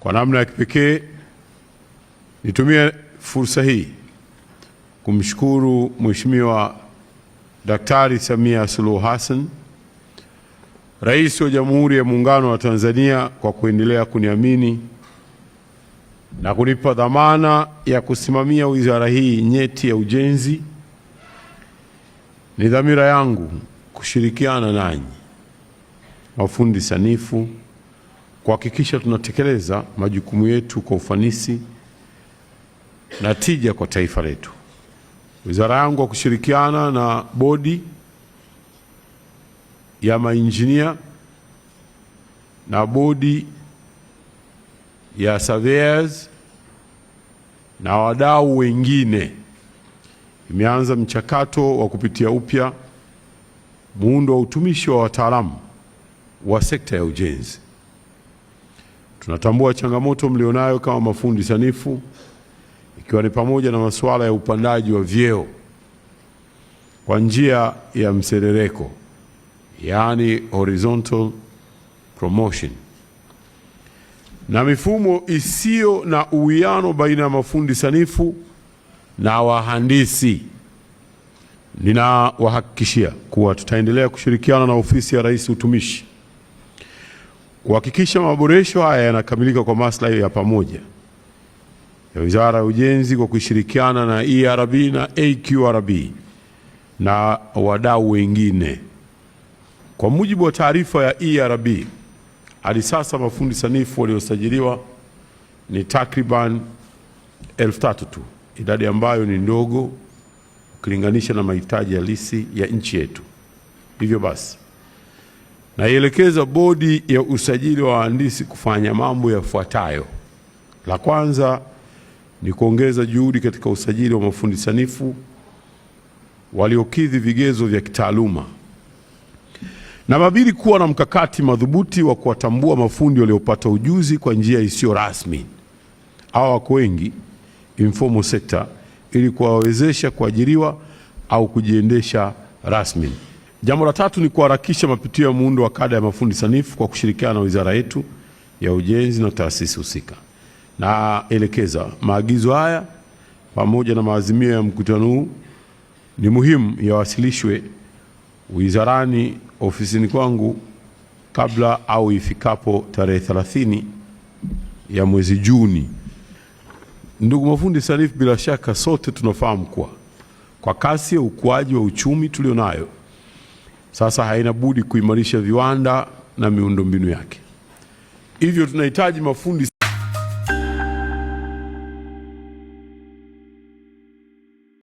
Kwa namna ya kipekee nitumie fursa hii kumshukuru Mheshimiwa Daktari Samia Suluhu Hassan, Rais wa Jamhuri ya Muungano wa Tanzania kwa kuendelea kuniamini na kunipa dhamana ya kusimamia wizara hii nyeti ya ujenzi. Ni dhamira yangu kushirikiana nanyi, mafundi sanifu kuhakikisha tunatekeleza majukumu yetu kwa ufanisi na tija kwa taifa letu. Wizara yangu kwa kushirikiana na bodi ya mainjinia na bodi ya surveyors na wadau wengine imeanza mchakato wa kupitia upya muundo wa utumishi wa wataalamu wa sekta ya ujenzi. Tunatambua changamoto mlionayo kama mafundi sanifu ikiwa ni pamoja na masuala ya upandaji wa vyeo kwa njia ya mserereko, yaani horizontal promotion, na mifumo isiyo na uwiano baina ya mafundi sanifu na wahandisi. Ninawahakikishia kuwa tutaendelea kushirikiana na Ofisi ya Rais Utumishi kuhakikisha maboresho haya yanakamilika kwa maslahi ya pamoja ya Wizara ya Ujenzi kwa kushirikiana na ERB na AQRB na wadau wengine. Kwa mujibu wa taarifa ya ERB, hadi sasa mafundi sanifu waliosajiliwa ni takriban elfu tatu tu, idadi ambayo ni ndogo ukilinganisha na mahitaji halisi ya nchi yetu. Hivyo basi naielekeza Bodi ya Usajili wa Wahandisi kufanya mambo yafuatayo. La kwanza ni kuongeza juhudi katika usajili wa mafundi sanifu waliokidhi vigezo vya kitaaluma. mabili kuwa na mkakati madhubuti wa kuwatambua mafundi waliopata ujuzi kwa njia isiyo rasmi au wako wengi informal sector, ili kuwawezesha kuajiriwa au kujiendesha rasmi. Jambo la tatu ni kuharakisha mapitio ya muundo wa kada ya mafundi sanifu kwa kushirikiana na wizara yetu ya ujenzi na taasisi husika. Naelekeza maagizo haya pamoja na maazimio ya mkutano huu ni muhimu yawasilishwe wizarani ofisini kwangu kabla au ifikapo tarehe 30 ya mwezi Juni. Ndugu mafundi sanifu, bila shaka sote tunafahamu kuwa kwa kasi ya ukuaji wa uchumi tulionayo sasa haina budi kuimarisha viwanda na miundombinu yake, hivyo tunahitaji mafundi